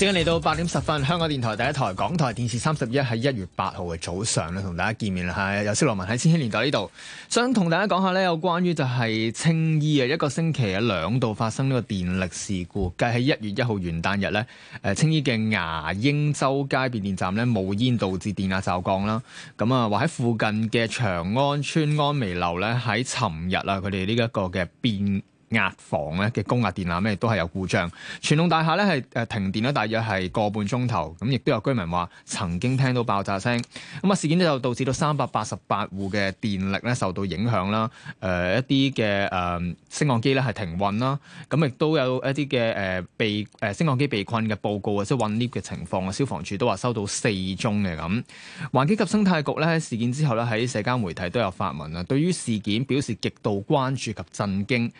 時間嚟到八點十分，香港電台第一台，港台電視三十一，喺一月八號嘅早上咧，同大家見面係、哎、有息羅文喺《千禧年代》呢度，想同大家講下呢有關於就係青衣啊，一個星期啊兩度發生呢個電力事故，計喺一月一號元旦日呢，誒青衣嘅牙鷹洲街變電站呢，冒煙導致電壓驟降啦，咁啊話喺附近嘅長安村安眉樓呢，喺尋日啊，佢哋呢一個嘅變。壓房咧嘅高壓電纜咧亦都係有故障，傳龍大廈咧係誒停電啦，大約係個半鐘頭，咁亦都有居民話曾經聽到爆炸聲，咁啊事件咧就導致到三百八十八戶嘅電力咧受到影響啦，誒一啲嘅誒升降機咧係停運啦，咁亦都有一啲嘅誒被誒升降機被困嘅報告啊，即係困 lift 嘅情況啊，消防處都話收到四宗嘅咁，環境及生態局咧喺事件之後咧喺社交媒體都有發文啊，對於事件表示極度關注及震驚，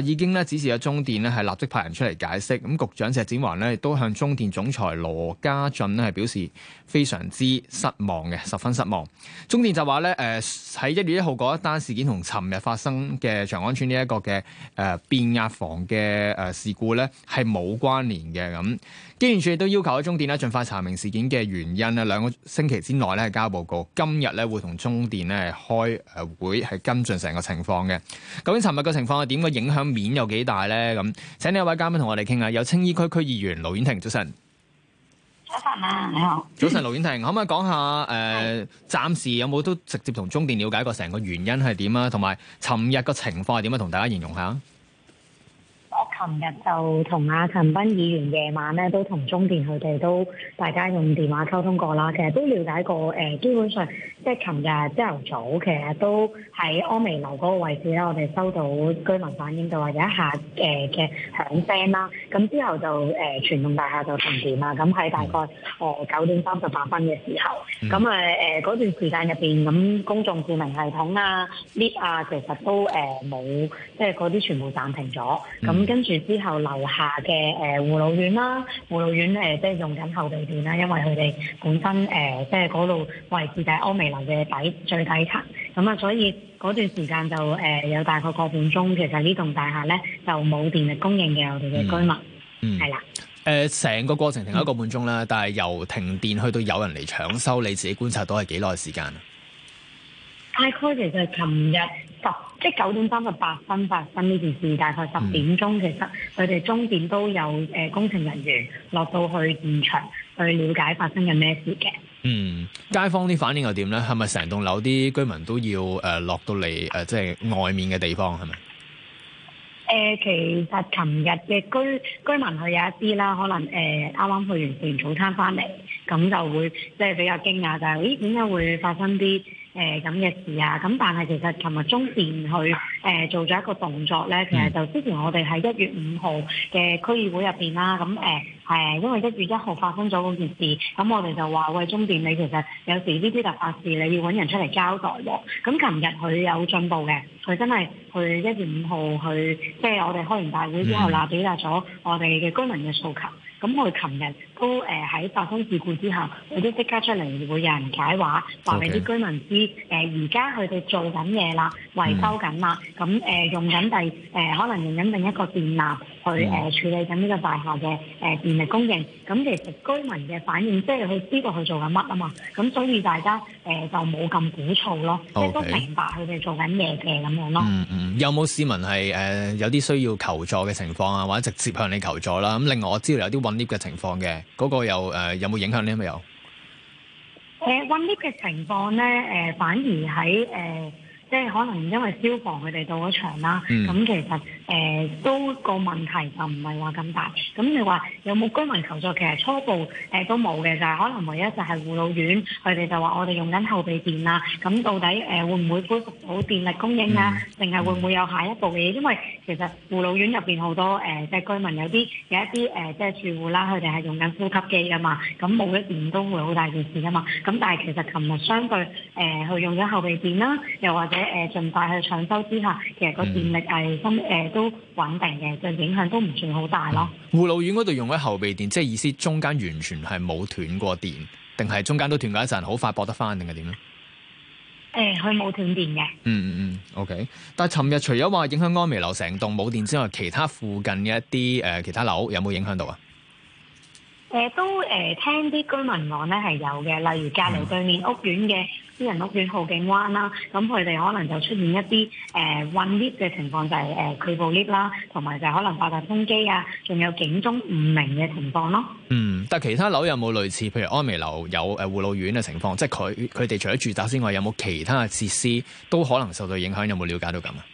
已經咧指示咗中電咧係立即派人出嚟解釋。咁局長石展華咧亦都向中電總裁羅家俊咧係表示非常之失望嘅，十分失望。中電就話咧誒喺一月一號嗰一單事件同尋日發生嘅長安村呢一個嘅誒、呃、變壓房嘅誒事故咧係冇關聯嘅。咁機電署亦都要求啊，中電咧盡快查明事件嘅原因啊，兩個星期之內咧係交報告。今日咧會同中電咧開誒會係跟進成個情況嘅。究竟尋日個情況係點？個影響面有幾大呢？咁，請呢一位嘉賓同我哋傾下，有青衣區區議員盧婉婷，早晨。早晨啊，你好。早晨，盧婉婷，可唔可以講下？誒、呃，暫時有冇都直接同中電了解過成個原因係點啊？同埋，尋日個情況係點啊？同大家形容下。琴日就同阿陳斌議員夜晚咧都同中電佢哋都大家用電話溝通過啦，其實都了解過誒，基本上即係琴日朝頭早其實都喺安湄樓嗰個位置咧，我哋收到居民反映就話有一下誒嘅響聲啦，咁之後就誒傳動大廈就停電啦，咁、嗯、喺大概誒九點三十八分嘅時候，咁誒誒嗰段時間入邊咁公眾照明系統啊 lift 啊，其實都誒冇、呃、即係嗰啲全部暫停咗，咁跟住之後，樓下嘅誒護老院啦，護老院誒、呃、即係用緊後備電啦，因為佢哋本身誒、呃、即係嗰度位置就係安美樓嘅底最底層咁啊，所以嗰段時間就誒、呃、有大概個半鐘。其實呢棟大廈咧就冇電力供應嘅，我哋嘅居民嗯係、嗯、啦誒，成、呃、個過程停一個半鐘啦、嗯，但係由停電去到有人嚟搶修，你自己觀察到係幾耐時間啊？大概其實係琴日十即係九點三十八分發生呢件事，大概十點鐘其實佢哋中電都有誒工程人員落到去現場去了解發生緊咩事嘅。嗯，街坊啲反應又點咧？係咪成棟樓啲居民都要誒落、呃、到嚟誒、呃，即係外面嘅地方係咪？誒、呃，其實琴日嘅居居民係有一啲啦，可能誒啱啱去完食完早餐返嚟，咁就會即係、就是、比較驚訝、就是，就咦點解會發生啲？誒咁嘅事啊，咁但係其實琴日中電去誒做咗一個動作咧，mm -hmm. 其實就之前我哋喺一月五號嘅區議會入面啦，咁誒、呃、因為一月一號發生咗嗰件事，咁我哋就話喂中電，你其實有時呢啲突發事你要搵人出嚟交代喎。咁琴日佢有進步嘅，佢真係去一月五號去，即係我哋開完大會之後啦，表達咗我哋嘅居民嘅訴求。咁我哋琴日。都誒喺發生事故之後，佢都即刻出嚟會有人解話，話俾啲居民知誒。而家佢哋做緊嘢啦，維修緊啦，咁誒用緊第誒可能用緊另一個電纜去誒處理緊呢個大廈嘅誒電力供應。咁其實居民嘅反應，即係佢知道佢做緊乜啊嘛，咁所以大家誒就冇咁鼓噪咯，即係都明白佢哋做緊嘢嘅咁樣咯。嗯嗯，有冇市民係誒、呃、有啲需要求助嘅情況啊，或者直接向你求助啦？咁另，呃 okay. mm -hmm. 呃、另外我知道有啲揾僆嘅情況嘅。嗰、那個又誒有冇、呃、影響咧？冇。誒 OneNote 嘅情況咧，誒、呃、反而喺誒、呃，即係可能因為消防佢哋到咗場啦，咁、mm. 嗯、其實。誒、呃、都個問題就唔係話咁大，咁你話有冇居民求助？其實初步、呃、都冇嘅，就係可能唯一就係護老院，佢哋就話我哋用緊後備電啦。咁到底誒、呃、會唔會恢復到電力供應啊？定係會唔會有下一步嘅嘢？因為其實護老院入面好多、呃、即係居民有，有啲有一啲、呃、即係住戶啦，佢哋係用緊呼吸機噶嘛，咁冇電都會好大件事噶嘛。咁但係其實琴日相對去、呃、用咗後備電啦，又或者誒儘快去搶修之下，其實個電力係分、呃嗯都穩定嘅，就影響都唔算好大咯。嗯、護老院嗰度用緊後備電，即係意思中間完全係冇斷過電，定係中間都斷過一陣，好快駁得返定係點咧？誒，佢冇斷電嘅。嗯嗯嗯，OK。但係尋日除咗話影響安微樓成棟冇電之外，其他附近嘅一啲誒、呃、其他樓有冇影響到啊？誒、呃、都誒、呃、聽啲居民講咧係有嘅，例如隔離對面屋苑嘅私人屋苑灝景灣啦，咁佢哋可能就出現一啲誒困 lift 嘅情況，就係誒佢部 lift 啦，同埋就可能發達風機啊，仲有警鐘唔明嘅情況咯。嗯，但其他樓有冇類似？譬如安眉樓有誒護老院嘅情況，即係佢佢哋除咗住宅之外，有冇其他設施都可能受到影響？有冇了解到咁啊？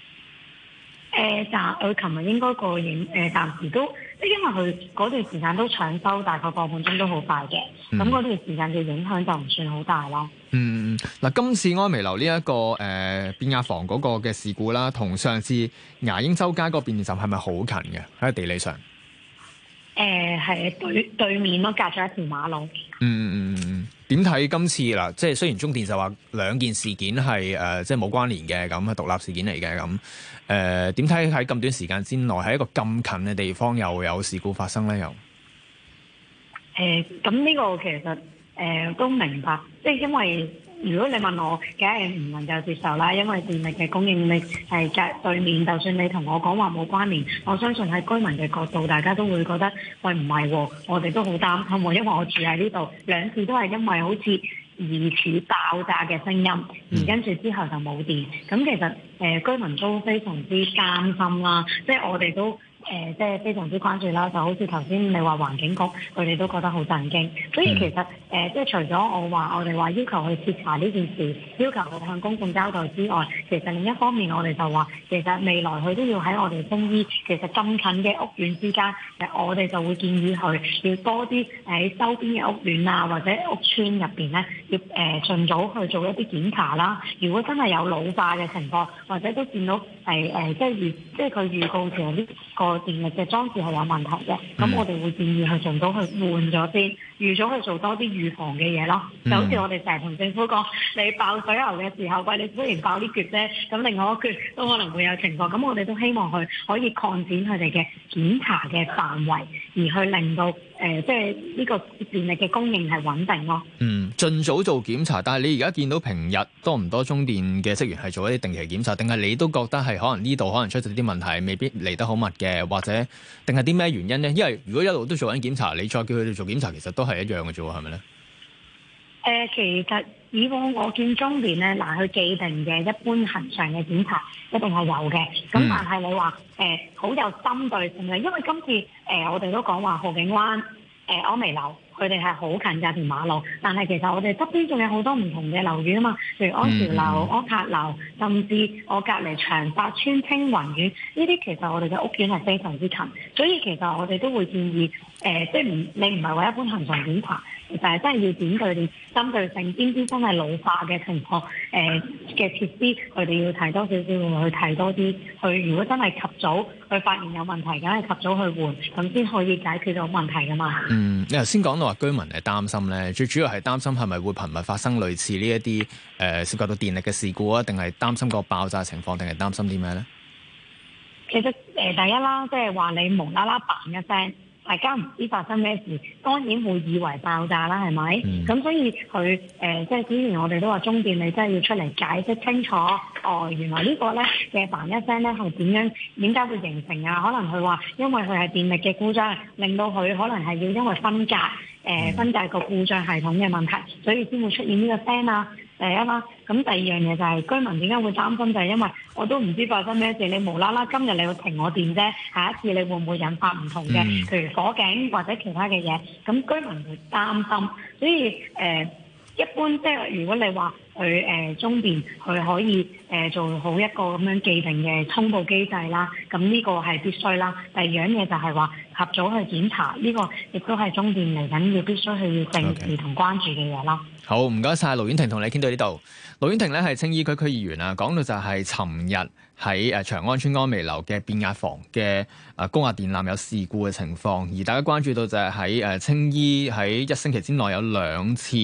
誒、呃，但我琴日應該個影誒暫、呃、時都。因為佢嗰段時間都搶修，大概個半鐘都好快嘅，咁、嗯、嗰段時間嘅影響就唔算好大咯。嗯，嗱，今次安眉樓呢、這、一個誒、呃、變壓房嗰個嘅事故啦，同上次牙英洲街嗰個變電站係咪好近嘅？喺地理上？誒、呃，係對對面咯，隔咗一條馬路。嗯嗯嗯嗯。嗯點睇今次嗱，即係雖然中電就話兩件事件係誒，即係冇關聯嘅咁，係獨立事件嚟嘅。咁，誒、呃，點睇喺咁短時間之內，喺一個咁近嘅地方又有事故發生咧？又、呃、誒，咁呢個其實誒、呃、都明白，即係因為。如果你問我，梗係唔能夠接受啦，因為電力嘅供應力係隔對面。就算你同我講話冇關聯，我相信喺居民嘅角度，大家都會覺得喂，唔係喎，我哋都好擔心喎，因為我住喺呢度，兩次都係因為好似疑似爆炸嘅聲音，嗯，跟住之後就冇電。咁其實誒，居民都非常之擔心啦，即係我哋都。誒、呃，即係非常之關注啦，就好似頭先你話環境局，佢哋都覺得好震驚。所以其實誒、呃，即係除咗我話我哋話要求去徹查呢件事，要求去向公眾交代之外，其實另一方面我哋就話，其實未來佢都要喺我哋青衣，其實咁近嘅屋苑之間，我哋就會建議佢要多啲喺周邊嘅屋苑啊，或者屋邨入邊咧，要誒、呃、盡早去做一啲檢查啦。如果真係有老化嘅情況，或者都見到、呃、即係預即係佢預告其實呢個。電力嘅裝置係有問題嘅，咁我哋會建議去盡早去換咗先，預早去做多啲預防嘅嘢咯。就好似我哋成日同政府講，你爆水喉嘅時候，喂，你雖然爆啲橛啫，咁另外一橛都可能會有情況，咁我哋都希望佢可以擴展佢哋嘅檢查嘅範圍，而去令到。誒，即係呢個電力嘅供應係穩定咯。嗯，盡早做檢查，但係你而家見到平日多唔多中電嘅職員係做一啲定期檢查，定係你都覺得係可能呢度可能出咗啲問題，未必嚟得好密嘅，或者定係啲咩原因呢？因為如果一路都做緊檢查，你再叫佢哋做檢查，其實都係一樣嘅啫喎，係咪咧？呃、其實以往我，我見中年咧，嗱，既定嘅一般恒常嘅檢查一定係有嘅。咁但係你話好、呃、有針對性嘅，因為今次、呃、我哋都講話灝景灣誒，安薇樓。佢哋係好近架條馬路，但係其實我哋側邊仲有好多唔同嘅樓宇啊嘛，譬如安條樓、安、mm -hmm. 塔樓，甚至我隔離長白村、青雲苑呢啲，這些其實我哋嘅屋苑係非常之近。所以其實我哋都會建議，誒，即係唔，你唔係話一般行場檢查，而係真係要點對點、針對性，兼之真係老化嘅情況，誒嘅設施，佢哋要睇多少少，會去睇多啲，去如果真係及早。佢發現有問題，梗係及早去換，咁先可以解決到問題噶嘛。嗯，你頭先講到話居民係擔心咧，最主要係擔心係咪會頻密發生類似呢一啲誒涉及到電力嘅事故啊？定係擔心個爆炸的情況，定係擔心啲咩咧？其實誒、呃，第一啦，即係話你無啦啦嘭一聲。大家唔知發生咩事，當然會以為爆炸啦，係咪？咁、mm -hmm. 所以佢、呃、即係之前我哋都話中電，你真係要出嚟解釋清楚，哦，原來呢個呢個咧嘅煩一聲咧係點樣？點解會形成啊？可能佢話因為佢係電力嘅故障，令到佢可能係要因為分隔、呃、分隔個故障系統嘅問題，所以先會出現呢個聲啊。第一啦，咁第二樣嘢就係居民點解會擔心？就係因為我都唔知發生咩事，你無啦啦今日你會停我電啫，下一次你會唔會引發唔同嘅，譬如火警或者其他嘅嘢？咁居民會擔心，所以，呃，一般即係如果你話。佢誒、呃、中電佢可以誒、呃、做好一個咁樣既定嘅通報機制啦，咁呢個係必須啦。第二樣嘢就係話合組去檢查，呢、呢個亦都係中電嚟緊要必須去要定時同關注嘅嘢啦。Okay. 好，唔該晒，盧婉婷同你傾到呢度。盧婉婷咧係青衣區區議員啊，講到就係尋日喺誒長安村安美樓嘅變壓房嘅誒高壓電纜有事故嘅情況，而大家關注到就係喺誒青衣喺一星期之內有兩次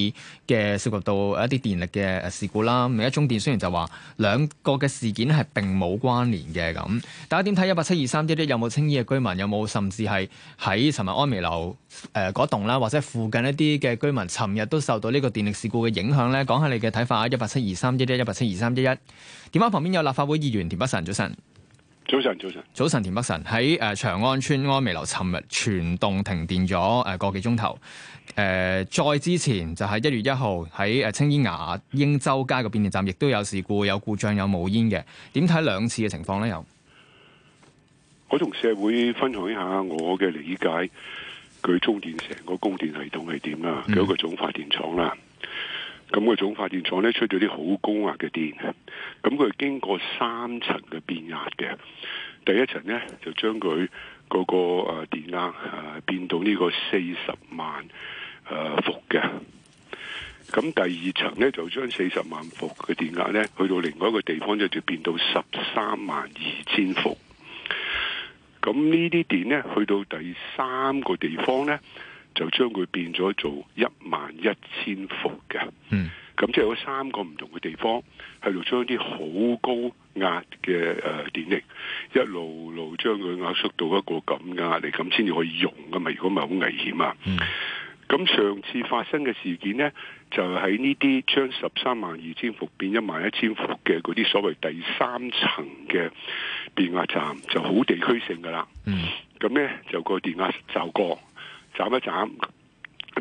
嘅涉及到一啲電力嘅。誒，事故啦，另一中電雖然就話兩個嘅事件係並冇關聯嘅咁，大家點睇？一八七二三一一，有冇青衣嘅居民？有冇甚至係喺尋日安美樓誒嗰棟啦，或者附近一啲嘅居民，尋日都受到呢個電力事故嘅影響呢？講下你嘅睇法。一八七二三一一，一八七二三一一。電話旁邊有立法會議員田北辰。早晨，早晨，早晨，早晨，田北辰喺誒長安村安美樓尋日全棟停電咗誒、呃、個幾鐘頭。誒、呃，再之前就係一月一號喺誒青衣牙鷹洲街個變電站，亦都有事故，有故障，有冒煙嘅。點睇兩次嘅情況咧？有我同社會分享一下我嘅理解，佢中電成個供電系統係點啦？有個總發電廠啦。嗯咁個總發電廠咧，出咗啲好高壓嘅電，咁佢經過三層嘅變壓嘅，第一層咧就將佢嗰個誒電壓誒變到呢個四十萬伏嘅，咁第二層咧就將四十萬伏嘅電壓咧去到另外一個地方就變到十三萬二千伏，咁呢啲電咧去到第三個地方咧。就將佢變咗做一萬一千伏嘅，咁、嗯、即係有三個唔同嘅地方喺度將啲好高壓嘅誒電力一路路將佢壓縮到一個咁嘅壓力，咁先至可以用噶嘛？如果唔係好危險啊！咁、嗯、上次發生嘅事件呢，就喺呢啲將十三萬二千伏變一萬一千伏嘅嗰啲所謂第三層嘅變壓站就好地區性噶啦，咁、嗯、呢，就個電壓就過斬一斬，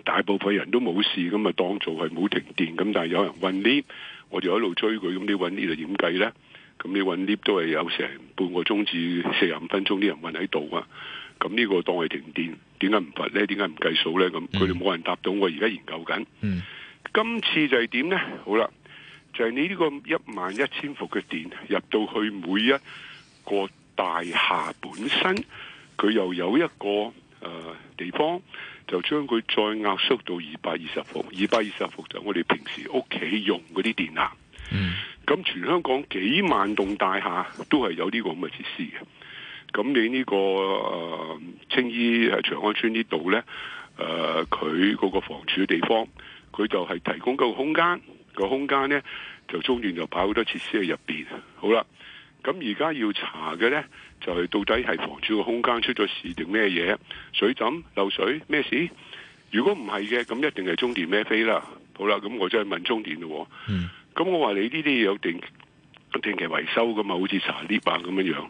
大部分人都冇事，咁咪當做係冇停電。咁但係有人搵 lift，我哋喺度追佢，咁你搵 lift 就點計咧？咁你搵 lift 都係有成半個鐘至四十五分鐘啲人搵喺度啊！咁呢個當係停電，點解唔罰咧？點解唔計數咧？咁佢哋冇人答到，我而家研究緊、嗯。今次就係點咧？好啦，就係、是、你呢個一萬一千伏嘅電入到去每一個大廈本身，佢又有一個。誒、呃，地方就將佢再壓縮到二百二十伏，二百二十伏就我哋平時屋企用嗰啲電壓。咁、嗯、全香港幾萬棟大廈都係有呢個咁嘅設施嘅。咁你呢、呢個誒青、呃、衣誒長安村呢度呢，誒佢嗰個房署嘅地方，佢就係提供嗰個空間，個空間呢，就中段就擺好多設施喺入邊。好啦。咁而家要查嘅咧，就係到底係房主個空間出咗事定咩嘢水浸漏水咩事？如果唔係嘅，咁一定係中電咩飛啦。好啦，咁我再問中電咯。嗯，咁我話你呢啲嘢有定定期維修噶嘛？好似查 lift 啊咁樣樣。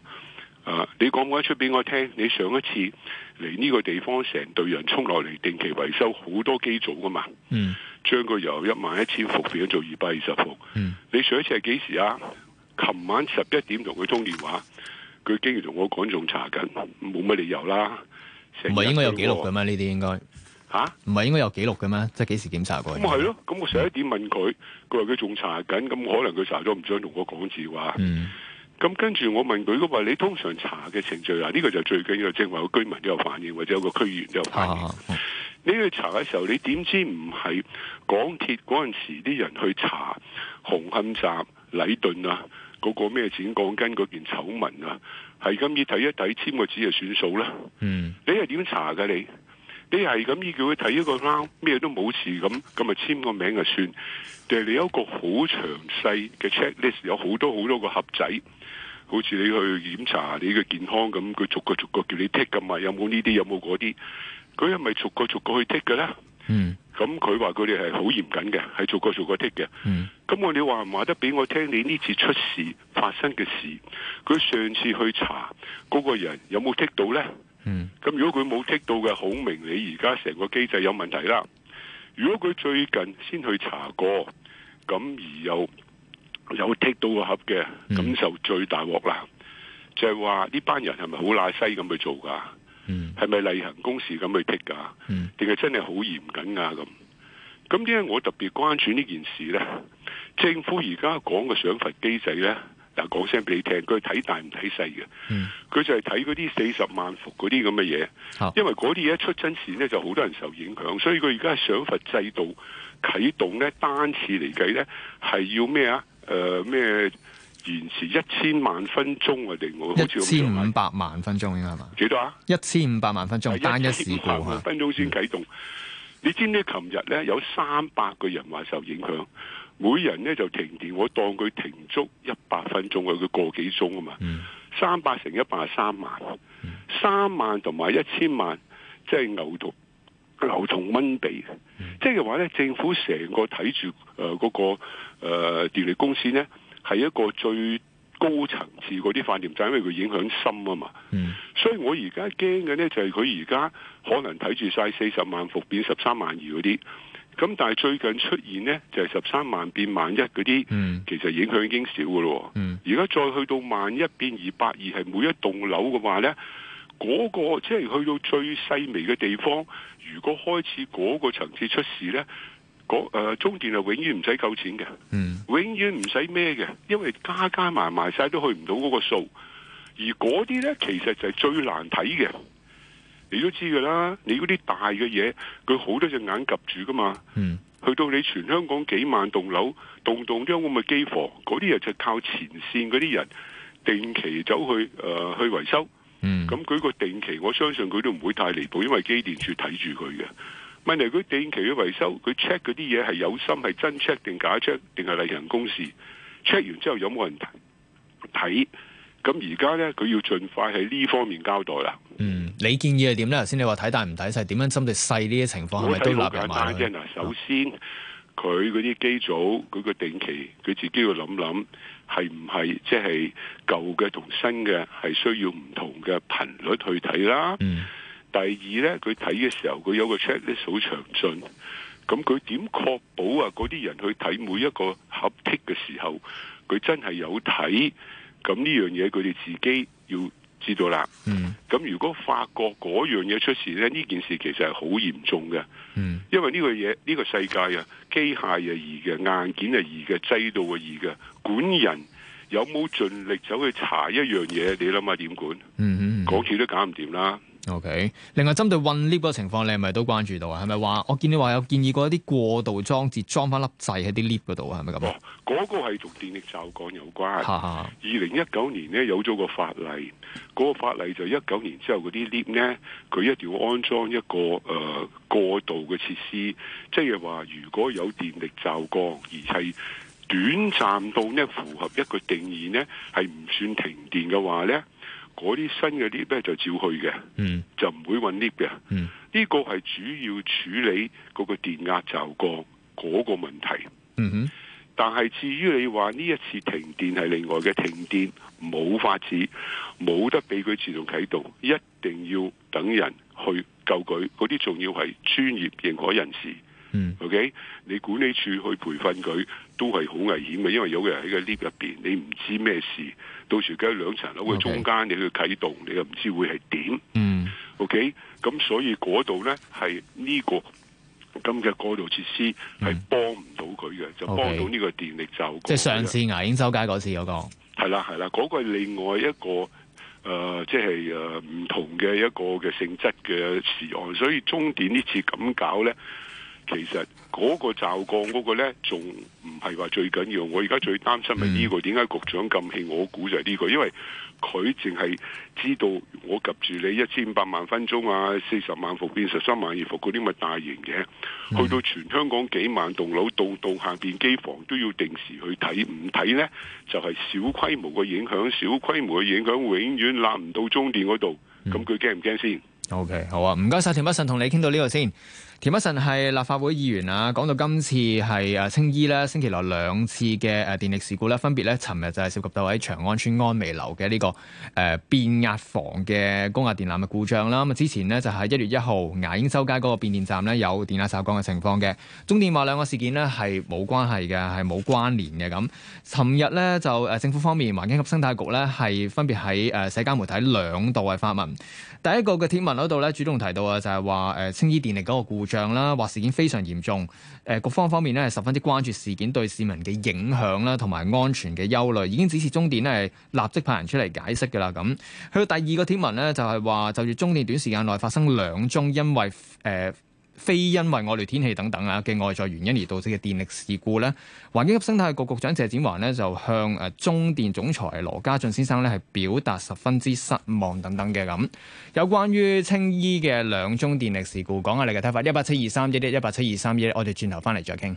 啊，你講嘅出俾我聽，你上一次嚟呢個地方成隊人衝落嚟定期維修好多機組噶嘛？嗯，將個由一萬一千伏變咗做二百二十伏。嗯，你上一次係幾時啊？琴晚十一點同佢通電話，佢竟然同我講仲查緊，冇乜理由啦。唔係應該有記錄嘅咩？呢啲應該吓，唔、啊、係應該有記錄嘅咩？即係幾時檢查過？咁咪係咯？咁我十一點問佢，佢話佢仲查緊，咁可能佢查咗，唔想同我講字話。咁跟住我問佢嘅話，你通常查嘅程序啊？呢、這個就最緊要，正話有個居民都有反應，或者有個區議員都有反應。你去查嘅時候，你點知唔係港鐵嗰陣時啲人去查紅磡站、禮頓啊？嗰、那個咩錢講緊嗰件醜聞啊，係咁意睇一睇簽個紙就算數啦。嗯，你係點查㗎？你？你係咁意叫佢睇一個啱咩都冇事咁，咁咪簽個名就算。定係你有一個好詳細嘅 checklist，有好多好多個盒仔，好似你去檢查你嘅健康咁，佢逐，逐個逐個叫你 tick 噶嘛，有冇呢啲有冇嗰啲，佢係咪逐個逐個去 tick 嘅咧？嗯。咁佢話佢哋係好嚴謹嘅，係做過做過剔嘅。咁、嗯、我哋話唔話得俾我聽？你呢次出事發生嘅事，佢上次去查嗰個人有冇剔到呢？咁、嗯、如果佢冇剔到嘅，好明你而家成個機制有問題啦。如果佢最近先去查過，咁而又有剔到個盒嘅，咁就最大鑊啦、嗯。就係話呢班人係咪好拉西咁去做㗎？係、嗯、咪例行公事咁去剔噶？定、嗯、係真係好嚴謹啊？咁咁點解我特別關注呢件事呢？政府而家講嘅賞罰機制呢，嗱講聲俾你聽，佢睇大唔睇細嘅，佢、嗯、就係睇嗰啲四十萬伏嗰啲咁嘅嘢，因為嗰啲嘢一出真事呢就好多人受影響，所以佢而家賞罰制度啟動呢單次嚟計呢，係要咩啊？誒、呃、咩？延時一千萬分鐘、啊、我好似一千五百萬分鐘應該係嘛？幾多啊？一千五百萬分鐘單一事故吓，分鐘先啟動。你知唔知？琴日，咧有三百個人話受影響，每人咧就停電。我當佢停足一百分鐘啊，佢過幾鐘啊嘛、嗯？三百乘一百係三萬，嗯、三萬同埋一千萬，即係牛同牛同蚊地。即係話咧，政府成個睇住誒嗰個誒、呃、電力公司咧。係一個最高層次嗰啲發電站，就因為佢影響深啊嘛、嗯。所以我現在的，我而家驚嘅咧就係佢而家可能睇住晒四十萬伏變十三萬二嗰啲。咁但係最近出現咧就係十三萬變萬一嗰啲、嗯，其實影響已經少噶咯。而、嗯、家再去到萬一變二百二，係每一棟樓嘅話咧，嗰、那個即係去到最細微嘅地方，如果開始嗰個層次出事咧，誒、呃、中電就永遠唔使夠錢嘅。嗯永遠唔使咩嘅，因為加加埋埋晒都去唔到嗰個數，而嗰啲呢，其實就係最難睇嘅，你都知噶啦。你嗰啲大嘅嘢，佢好多隻眼夾住噶嘛、嗯。去到你全香港幾萬棟樓，棟棟咁嘅機房，嗰啲人就靠前線嗰啲人定期走去誒、呃、去維修。咁、嗯、佢個定期，我相信佢都唔會太離譜，因為機電署睇住佢嘅。問題佢定期嘅維修，佢 check 嗰啲嘢係有心，係真 check 定假 check，定係例行公事 check 完之後有冇人睇？咁而家咧佢要盡快喺呢方面交代啦。嗯，你建議係點咧？頭先你話睇大唔睇細，點樣針對細呢啲情況係咪都納人埋？首先佢嗰啲機組佢個定期佢自己要諗諗，係唔係即係舊嘅同新嘅係需要唔同嘅頻率去睇啦。嗯第二咧，佢睇嘅時候佢有個 checklist 好詳盡，咁佢點確保啊嗰啲人去睇每一個合剔嘅時候，佢真係有睇？咁呢樣嘢佢哋自己要知道啦。咁、嗯、如果發覺嗰樣嘢出事咧，呢件事其實係好嚴重嘅、嗯。因為呢個嘢，呢、這個世界啊，機械係易嘅，硬件係易嘅，制度係易嘅，管人有冇盡力走去查一樣嘢？你諗下點管？嗰、嗯、件、嗯嗯、都搞唔掂啦。OK，另外針對混 lift 嘅情況，你係咪都關注到啊？係咪話我見你話有建議過一啲過渡裝置裝翻粒掣喺啲 lift 嗰度啊？係咪咁？哦，嗰個係同電力驟降有關。二零一九年呢，有咗個法例，嗰、嗰個法例就一九年之後嗰啲 lift 呢，佢一定要安裝一個誒、呃、過渡嘅設施，即係話如果有電力驟降而係短暫到呢，符合一個定義呢，係唔算停電嘅話呢。嗰啲新嘅 lift 就照去嘅、嗯，就唔會揾 lift 嘅。呢、嗯個係主要處理嗰個電壓驟降嗰個問題。嗯、哼，但係至於你話呢一次停電係另外嘅停電，冇法子，冇得俾佢自動啟動，一定要等人去救佢。嗰啲仲要係專業認可人士。嗯，OK，你管理處去培訓佢都係好危險嘅，因為有嘅人喺個 lift 入邊，你唔知咩事，到時梗係兩層樓嘅中間，okay. 你去啟動，你又唔知會係點。嗯，OK，咁所以嗰、這個、度咧係呢個咁嘅過渡設施係幫唔到佢嘅，就幫到呢個電力就即係上次牙鷹洲街嗰次嗰、那個係啦係啦，嗰、那個係另外一個誒，即係誒唔同嘅一個嘅性質嘅事案，所以中電呢次咁搞咧。其實嗰個驟降嗰個呢，仲唔係話最緊要？我而家最擔心係呢、這個？點、mm. 解局長咁氣？我估就係呢、這個，因為佢淨係知道我及住你一千八百萬分鐘啊，四十萬伏變十三萬二伏嗰啲咪大型嘅。去到全香港幾萬棟樓，到到下邊機房都要定時去睇，唔睇呢，就係、是、小規模嘅影響，小規模嘅影響永遠攬唔到中電嗰度。咁佢驚唔驚先？OK，好啊，唔該晒田北辰，同你傾到呢個先。田北辰係立法會議員啊，講到今次係誒青衣咧，星期六兩次嘅誒電力事故咧，分別咧，尋日就係涉及到喺長安邨安微樓嘅呢個誒變壓房嘅高壓電纜嘅故障啦。咁啊，之前呢就喺一月一號牙鷹洲街嗰個變電站咧有電壓驟降嘅情況嘅。中電話兩個事件呢係冇關係嘅，係冇關聯嘅咁。尋日咧就誒政府方面環境及生態局咧係分別喺誒社交媒體兩度嘅發文。第一個嘅貼文嗰度咧主動提到啊，就係話誒青衣電力嗰個故。像啦，話事件非常嚴重，誒、呃、各方方面咧係十分之關注事件對市民嘅影響啦，同埋安全嘅憂慮，已經指示中電咧立即派人出嚟解釋嘅啦。咁去到第二個貼文咧，就係、是、話就住中電短時間內發生兩宗因為誒。呃非因為外來天氣等等啊嘅外在原因而導致嘅電力事故呢，環境及生態局局長謝展寰呢，就向誒中電總裁羅嘉進先生咧係表達十分之失望等等嘅咁。有關於青衣嘅兩宗電力事故，講下你嘅睇法。一八七二三一一，一八七二三一一，我哋轉頭翻嚟再傾。